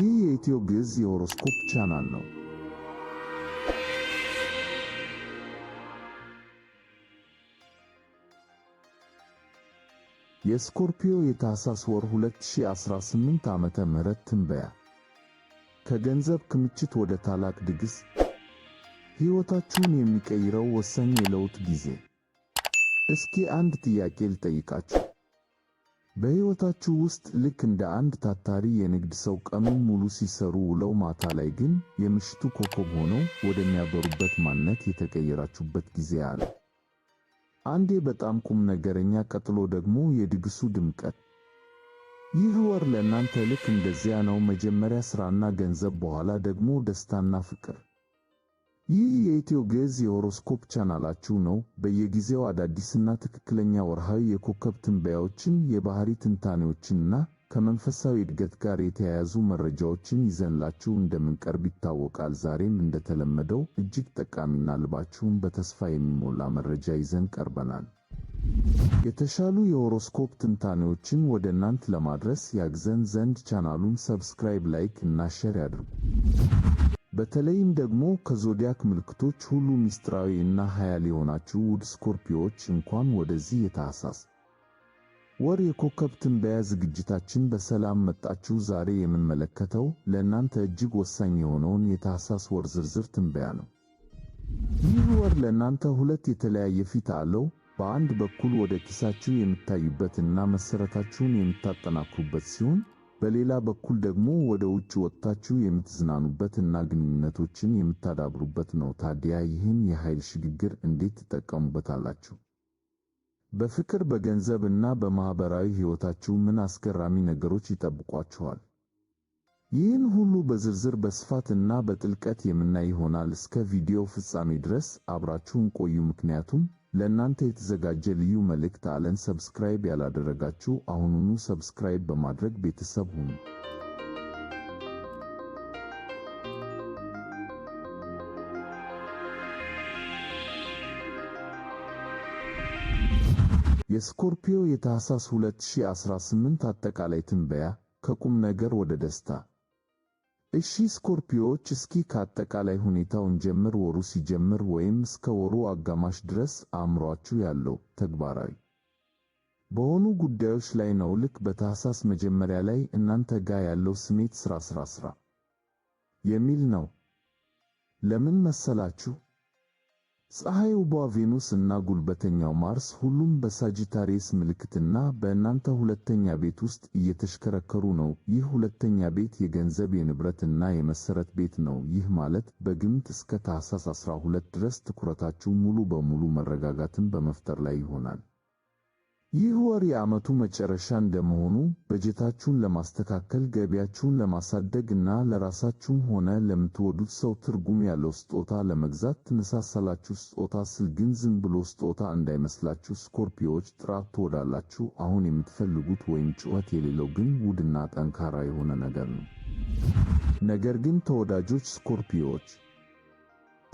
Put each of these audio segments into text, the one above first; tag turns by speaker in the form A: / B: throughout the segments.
A: ይህ የኢትዮ ግዕዝ የሆሮስኮፕ ቻናል ነው። የስኮርፒዮ የታህሳስ ወር 2018 ዓመተ ምህረት ትንበያ ከገንዘብ ክምችት ወደ ታላቅ ድግስ ሕይወታችሁን የሚቀይረው ወሳኝ የለውጥ ጊዜ። እስኪ አንድ ጥያቄ ልጠይቃችሁ። በሕይወታችሁ ውስጥ ልክ እንደ አንድ ታታሪ የንግድ ሰው ቀኑን ሙሉ ሲሰሩ ውለው ማታ ላይ ግን የምሽቱ ኮከብ ሆነው ወደሚያበሩበት ማንነት የተቀየራችሁበት ጊዜ አለ። አንዴ በጣም ቁም ነገረኛ፣ ቀጥሎ ደግሞ የድግሱ ድምቀት። ይህ ወር ለእናንተ ልክ እንደዚያ ነው። መጀመሪያ ሥራና ገንዘብ፣ በኋላ ደግሞ ደስታና ፍቅር። ይህ የኢትዮ ግዕዝ የሆሮስኮፕ ቻናላችሁ ነው። በየጊዜው አዳዲስና ትክክለኛ ወርሃዊ የኮከብ ትንበያዎችን፣ የባህሪ ትንታኔዎችንና ከመንፈሳዊ እድገት ጋር የተያያዙ መረጃዎችን ይዘንላችሁ እንደምንቀርብ ይታወቃል። ዛሬም እንደተለመደው እጅግ ጠቃሚና ልባችሁን በተስፋ የሚሞላ መረጃ ይዘን ቀርበናል። የተሻሉ የሆሮስኮፕ ትንታኔዎችን ወደ እናንት ለማድረስ ያግዘን ዘንድ ቻናሉን ሰብስክራይብ፣ ላይክ እና ሼር ያድርጉ። በተለይም ደግሞ ከዞዲያክ ምልክቶች ሁሉ ምስጢራዊ እና ኃያል የሆናችሁ ውድ ስኮርፒዮዎች እንኳን ወደዚህ የታህሳስ ወር የኮከብ ትንበያ ዝግጅታችን በሰላም መጣችሁ። ዛሬ የምንመለከተው ለእናንተ እጅግ ወሳኝ የሆነውን የታህሳስ ወር ዝርዝር ትንበያ ነው። ይህ ወር ለእናንተ ሁለት የተለያየ ፊት አለው። በአንድ በኩል ወደ ኪሳችሁ የምታዩበትና መሠረታችሁን የምታጠናክሩበት ሲሆን በሌላ በኩል ደግሞ ወደ ውጭ ወጥታችሁ የምትዝናኑበት እና ግንኙነቶችን የምታዳብሩበት ነው። ታዲያ ይህን የኃይል ሽግግር እንዴት ትጠቀሙበታላችሁ? በፍቅር በገንዘብ እና በማኅበራዊ ሕይወታችሁ ምን አስገራሚ ነገሮች ይጠብቋችኋል? ይህን ሁሉ በዝርዝር በስፋት እና በጥልቀት የምናይ ይሆናል። እስከ ቪዲዮ ፍጻሜ ድረስ አብራችሁን ቆዩ፣ ምክንያቱም ለእናንተ የተዘጋጀ ልዩ መልእክት አለን። ሰብስክራይብ ያላደረጋችሁ አሁኑኑ ሰብስክራይብ በማድረግ ቤተሰብ ሁኑ። የስኮርፒዮ የታህሳስ 2018 አጠቃላይ ትንበያ ከቁም ነገር ወደ ደስታ እሺ ስኮርፒዮች፣ እስኪ ከአጠቃላይ ሁኔታው እንጀምር። ወሩ ሲጀምር ወይም እስከ ወሩ አጋማሽ ድረስ አእምሯችሁ ያለው ተግባራዊ በሆኑ ጉዳዮች ላይ ነው። ልክ በታህሳስ መጀመሪያ ላይ እናንተ ጋር ያለው ስሜት ስራ ስራ ስራ የሚል ነው። ለምን መሰላችሁ? ፀሐይ ውቧ ቬኑስ እና ጉልበተኛው ማርስ ሁሉም በሳጂታሪየስ ምልክትና በእናንተ ሁለተኛ ቤት ውስጥ እየተሽከረከሩ ነው። ይህ ሁለተኛ ቤት የገንዘብ የንብረትና የመሰረት ቤት ነው። ይህ ማለት በግምት እስከ ታህሳስ 12 ድረስ ትኩረታችሁ ሙሉ በሙሉ መረጋጋትን በመፍጠር ላይ ይሆናል። ይህ ወር የዓመቱ መጨረሻ እንደመሆኑ በጀታችሁን ለማስተካከል፣ ገቢያችሁን ለማሳደግ እና ለራሳችሁም ሆነ ለምትወዱት ሰው ትርጉም ያለው ስጦታ ለመግዛት ትነሳሳላችሁ። ስጦታ ስል ግን ዝም ብሎ ስጦታ እንዳይመስላችሁ። ስኮርፒዮዎች ጥራት ትወዳላችሁ። አሁን የምትፈልጉት ወይም ጩኸት የሌለው ግን ውድና ጠንካራ የሆነ ነገር ነው። ነገር ግን ተወዳጆች ስኮርፒዮዎች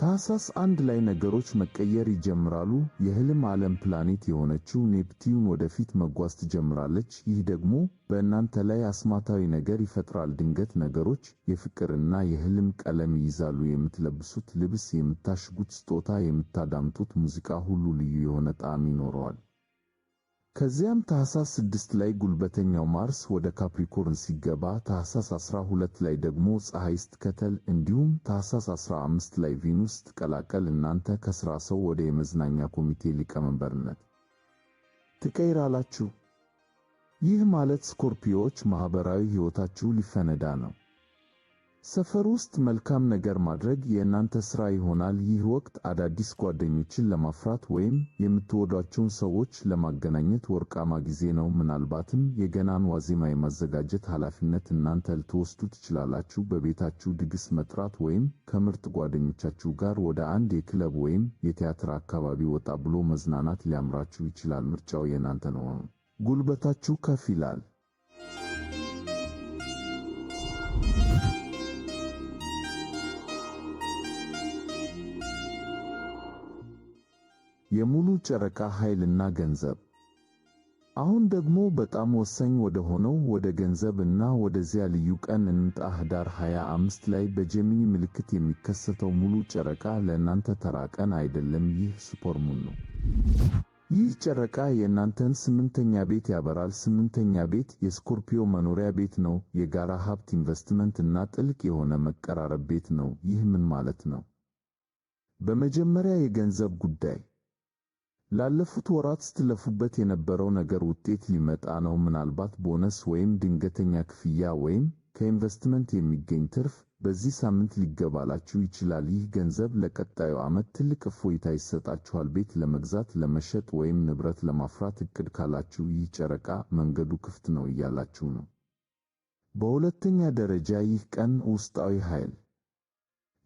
A: ታህሳስ አንድ ላይ ነገሮች መቀየር ይጀምራሉ። የህልም ዓለም ፕላኔት የሆነችው ኔፕቲዩን ወደፊት መጓዝ ትጀምራለች። ይህ ደግሞ በእናንተ ላይ አስማታዊ ነገር ይፈጥራል። ድንገት ነገሮች የፍቅርና የህልም ቀለም ይይዛሉ። የምትለብሱት ልብስ፣ የምታሽጉት ስጦታ፣ የምታዳምጡት ሙዚቃ ሁሉ ልዩ የሆነ ጣዕም ይኖረዋል። ከዚያም ታሳ 6 ላይ ጉልበተኛው ማርስ ወደ ካፕሪኮርን ሲገባ ታኅሳስ 12 ላይ ደግሞ ፀሐይ ስትከተል እንዲሁም ታሳ 15 ላይ ቪኑስ ስትቀላቀል እናንተ ከሥራ ሰው ወደ የመዝናኛ ኮሚቴ ሊቀመንበርነት ትቀይራላችሁ። ይህ ማለት ስኮርፒዮዎች ማኅበራዊ ሕይወታችሁ ሊፈነዳ ነው። ሰፈር ውስጥ መልካም ነገር ማድረግ የእናንተ ሥራ ይሆናል። ይህ ወቅት አዳዲስ ጓደኞችን ለማፍራት ወይም የምትወዷቸውን ሰዎች ለማገናኘት ወርቃማ ጊዜ ነው። ምናልባትም የገናን ዋዜማ የማዘጋጀት ኃላፊነት እናንተ ልትወስዱ ትችላላችሁ። በቤታችሁ ድግስ መጥራት ወይም ከምርጥ ጓደኞቻችሁ ጋር ወደ አንድ የክለብ ወይም የቲያትር አካባቢ ወጣ ብሎ መዝናናት ሊያምራችሁ ይችላል። ምርጫው የእናንተ ነው። ጉልበታችሁ ከፍ ይላል። የሙሉ ጨረቃ ኃይልና ገንዘብ። አሁን ደግሞ በጣም ወሳኝ ወደ ሆነው ወደ ገንዘብ እና ወደዚያ ልዩ ቀን እንምጣ። ኅዳር 25 ላይ በጀሚኒ ምልክት የሚከሰተው ሙሉ ጨረቃ ለእናንተ ተራ ቀን አይደለም። ይህ ሱፐርሙን ነው። ይህ ጨረቃ የእናንተን ስምንተኛ ቤት ያበራል። ስምንተኛ ቤት የስኮርፒዮ መኖሪያ ቤት ነው፣ የጋራ ሀብት፣ ኢንቨስትመንት እና ጥልቅ የሆነ መቀራረብ ቤት ነው። ይህ ምን ማለት ነው? በመጀመሪያ የገንዘብ ጉዳይ ላለፉት ወራት ስትለፉበት የነበረው ነገር ውጤት ሊመጣ ነው። ምናልባት ቦነስ ወይም ድንገተኛ ክፍያ ወይም ከኢንቨስትመንት የሚገኝ ትርፍ በዚህ ሳምንት ሊገባላችሁ ይችላል። ይህ ገንዘብ ለቀጣዩ ዓመት ትልቅ እፎይታ ይሰጣችኋል። ቤት ለመግዛት፣ ለመሸጥ ወይም ንብረት ለማፍራት እቅድ ካላችሁ ይህ ጨረቃ መንገዱ ክፍት ነው እያላችሁ ነው። በሁለተኛ ደረጃ ይህ ቀን ውስጣዊ ኃይል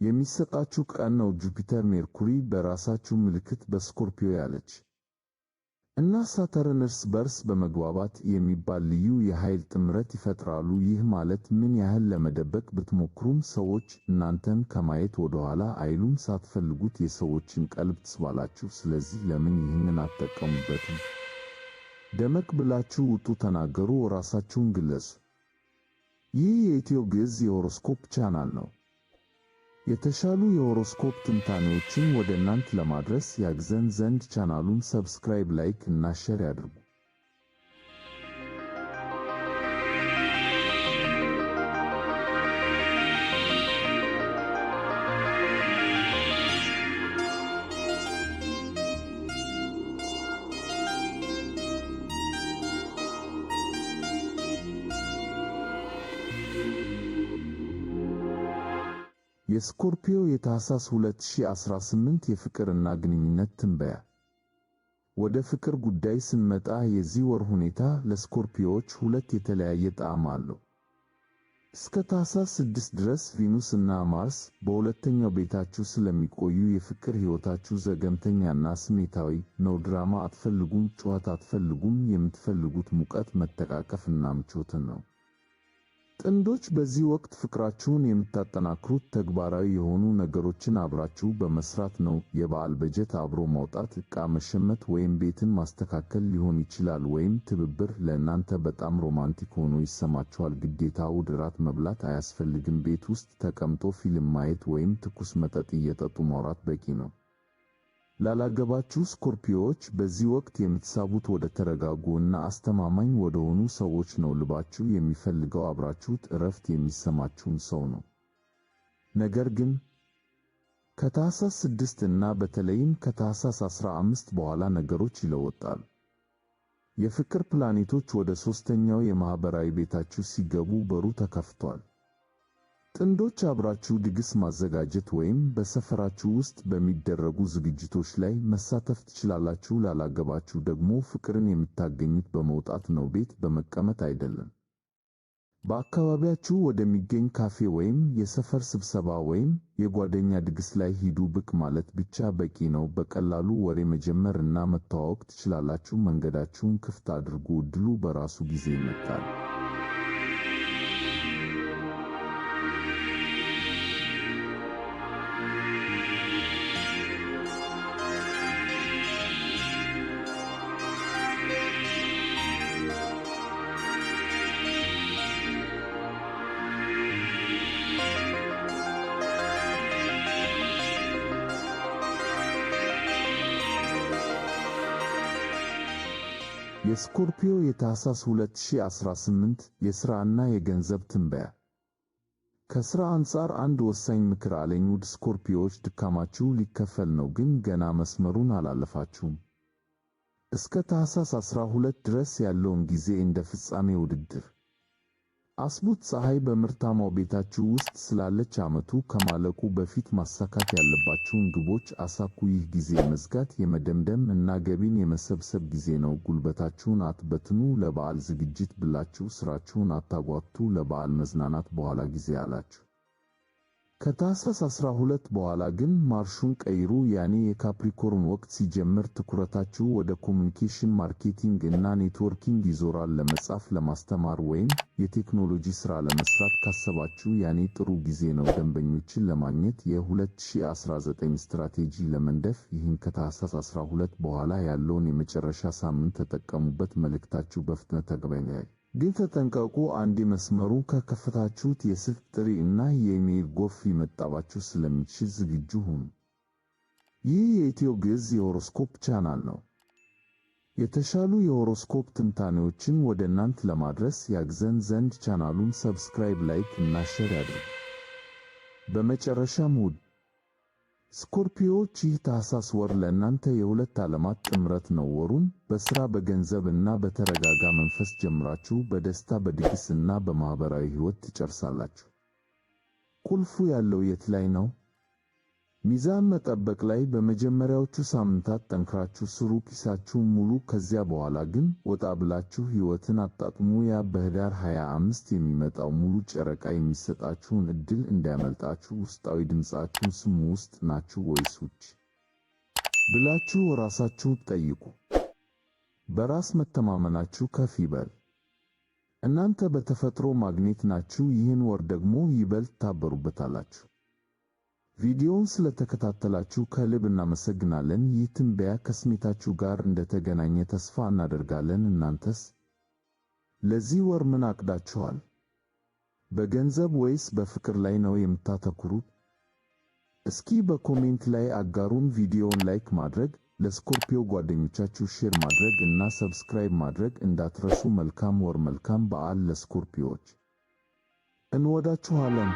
A: የሚሰጣችሁ ቀን ነው። ጁፒተር ሜርኩሪ በራሳችሁ ምልክት በስኮርፒዮ ያለች እና ሳተርን እርስ በርስ በመግባባት የሚባል ልዩ የኃይል ጥምረት ይፈጥራሉ። ይህ ማለት ምን ያህል ለመደበቅ ብትሞክሩም ሰዎች እናንተን ከማየት ወደኋላ አይሉም። ሳትፈልጉት የሰዎችን ቀልብ ትስባላችሁ። ስለዚህ ለምን ይህንን አትጠቀሙበትም? ደመቅ ብላችሁ ውጡ፣ ተናገሩ፣ ራሳችሁን ግለጹ። ይህ የኢትዮ ግዕዝ የሆሮስኮፕ ቻናል ነው። የተሻሉ የሆሮስኮፕ ትንታኔዎችን ወደ እናንት ለማድረስ ያግዘን ዘንድ ቻናሉን ሰብስክራይብ፣ ላይክ እና ሼር ያድርጉ። የስኮርፒዮ የታህሳስ 2018 የፍቅርና ግንኙነት ትንበያ። ወደ ፍቅር ጉዳይ ስንመጣ የዚህ ወር ሁኔታ ለስኮርፒዮዎች ሁለት የተለያየ ጣዕም አለው። እስከ ታህሳስ 6 ድረስ ቪኑስ እና ማርስ በሁለተኛው ቤታችሁ ስለሚቆዩ የፍቅር ሕይወታችሁ ዘገምተኛና ስሜታዊ ነው። ድራማ አትፈልጉም፣ ጩኸት አትፈልጉም። የምትፈልጉት ሙቀት፣ መተቃቀፍና ምቾትን ነው። ጥንዶች በዚህ ወቅት ፍቅራችሁን የምታጠናክሩት ተግባራዊ የሆኑ ነገሮችን አብራችሁ በመስራት ነው። የበዓል በጀት አብሮ ማውጣት፣ ዕቃ መሸመት ወይም ቤትን ማስተካከል ሊሆን ይችላል። ወይም ትብብር ለእናንተ በጣም ሮማንቲክ ሆኖ ይሰማችኋል። ግዴታ እሑድ መብላት አያስፈልግም። ቤት ውስጥ ተቀምጦ ፊልም ማየት ወይም ትኩስ መጠጥ እየጠጡ ማውራት በቂ ነው። ላላገባችሁ ስኮርፒዮዎች በዚህ ወቅት የምትሳቡት ወደ ተረጋጉ እና አስተማማኝ ወደሆኑ ሰዎች ነው። ልባችሁ የሚፈልገው አብራችሁት እረፍት የሚሰማችሁን ሰው ነው። ነገር ግን ከታህሳስ ስድስት እና በተለይም ከታህሳስ አስራ አምስት በኋላ ነገሮች ይለወጣል። የፍቅር ፕላኔቶች ወደ ሦስተኛው የማኅበራዊ ቤታችሁ ሲገቡ በሩ ተከፍቷል። ጥንዶች አብራችሁ ድግስ ማዘጋጀት ወይም በሰፈራችሁ ውስጥ በሚደረጉ ዝግጅቶች ላይ መሳተፍ ትችላላችሁ። ላላገባችሁ ደግሞ ፍቅርን የምታገኙት በመውጣት ነው፣ ቤት በመቀመጥ አይደለም። በአካባቢያችሁ ወደሚገኝ ካፌ ወይም የሰፈር ስብሰባ ወይም የጓደኛ ድግስ ላይ ሂዱ። ብቅ ማለት ብቻ በቂ ነው። በቀላሉ ወሬ መጀመር እና መተዋወቅ ትችላላችሁ። መንገዳችሁን ክፍት አድርጉ፣ ድሉ በራሱ ጊዜ ይመጣል። የስኮርፒዮ የታህሳስ 2018 የሥራና የገንዘብ ትንበያ። ከሥራ አንጻር አንድ ወሳኝ ምክር አለኝ። ውድ ስኮርፒዮዎች፣ ድካማችሁ ሊከፈል ነው፣ ግን ገና መስመሩን አላለፋችሁም። እስከ ታህሳስ 12 ድረስ ያለውን ጊዜ እንደ ፍጻሜ ውድድር አስቡት። ፀሐይ በምርታማው ቤታችሁ ውስጥ ስላለች ዓመቱ ከማለቁ በፊት ማሳካት ያለባችሁን ግቦች አሳኩ። ይህ ጊዜ መዝጋት፣ የመደምደም እና ገቢን የመሰብሰብ ጊዜ ነው። ጉልበታችሁን አትበትኑ። ለበዓል ዝግጅት ብላችሁ ስራችሁን አታጓቱ። ለበዓል መዝናናት በኋላ ጊዜ አላችሁ። ከታህሳስ 12 በኋላ ግን ማርሹን ቀይሩ። ያኔ የካፕሪኮርን ወቅት ሲጀምር ትኩረታችሁ ወደ ኮሚኒኬሽን ማርኬቲንግ እና ኔትወርኪንግ ይዞራል። ለመጻፍ፣ ለማስተማር ወይም የቴክኖሎጂ ሥራ ለመስራት ካሰባችሁ ያኔ ጥሩ ጊዜ ነው። ደንበኞችን ለማግኘት የ2019 ስትራቴጂ ለመንደፍ ይህን ከታህሳስ 12 በኋላ ያለውን የመጨረሻ ሳምንት ተጠቀሙበት። መልእክታችሁ በፍጥነት ተገበኛል። ግን ተጠንቀቁ። አንዴ መስመሩ ከከፈታችሁት የስልክ ጥሪ እና የኢሜይል ጎፍ ሊመጣባችሁ ስለሚችል ዝግጁ ሁኑ። ይህ የኢትዮ ግዕዝ የሆሮስኮፕ ቻናል ነው። የተሻሉ የሆሮስኮፕ ትንታኔዎችን ወደ እናንት ለማድረስ ያግዘን ዘንድ ቻናሉን ሰብስክራይብ፣ ላይክ እና ሼር ያድርጉ። በመጨረሻም ውድ ስኮርፒዮዎች ይህ ታህሳስ ወር ለእናንተ የሁለት ዓለማት ጥምረት ነው። ወሩን በሥራ በገንዘብ እና በተረጋጋ መንፈስ ጀምራችሁ በደስታ በድግስ እና በማኅበራዊ ሕይወት ትጨርሳላችሁ። ቁልፉ ያለው የት ላይ ነው? ሚዛን መጠበቅ ላይ በመጀመሪያዎቹ ሳምንታት ጠንክራችሁ ስሩ፣ ኪሳችሁን ሙሉ። ከዚያ በኋላ ግን ወጣ ብላችሁ ሕይወትን አጣጥሙ። ያ በህዳር 25 የሚመጣው ሙሉ ጨረቃ የሚሰጣችሁን እድል እንዳያመልጣችሁ። ውስጣዊ ድምፃችሁን ስሙ። ውስጥ ናችሁ ወይስ ውጭ ብላችሁ ራሳችሁ ጠይቁ። በራስ መተማመናችሁ ከፍ ይበል። እናንተ በተፈጥሮ ማግኔት ናችሁ። ይህን ወር ደግሞ ይበልጥ ታበሩበታላችሁ። ቪዲዮውን ስለተከታተላችሁ ከልብ እናመሰግናለን። ይህ ትንበያ ከስሜታችሁ ጋር እንደተገናኘ ተስፋ እናደርጋለን። እናንተስ ለዚህ ወር ምን አቅዳችኋል? በገንዘብ ወይስ በፍቅር ላይ ነው የምታተኩሩት? እስኪ በኮሜንት ላይ አጋሩን። ቪዲዮውን ላይክ ማድረግ፣ ለስኮርፒዮ ጓደኞቻችሁ ሼር ማድረግ እና ሰብስክራይብ ማድረግ እንዳትረሱ። መልካም ወር፣ መልካም በዓል ለስኮርፒዮዎች እንወዳችኋለን።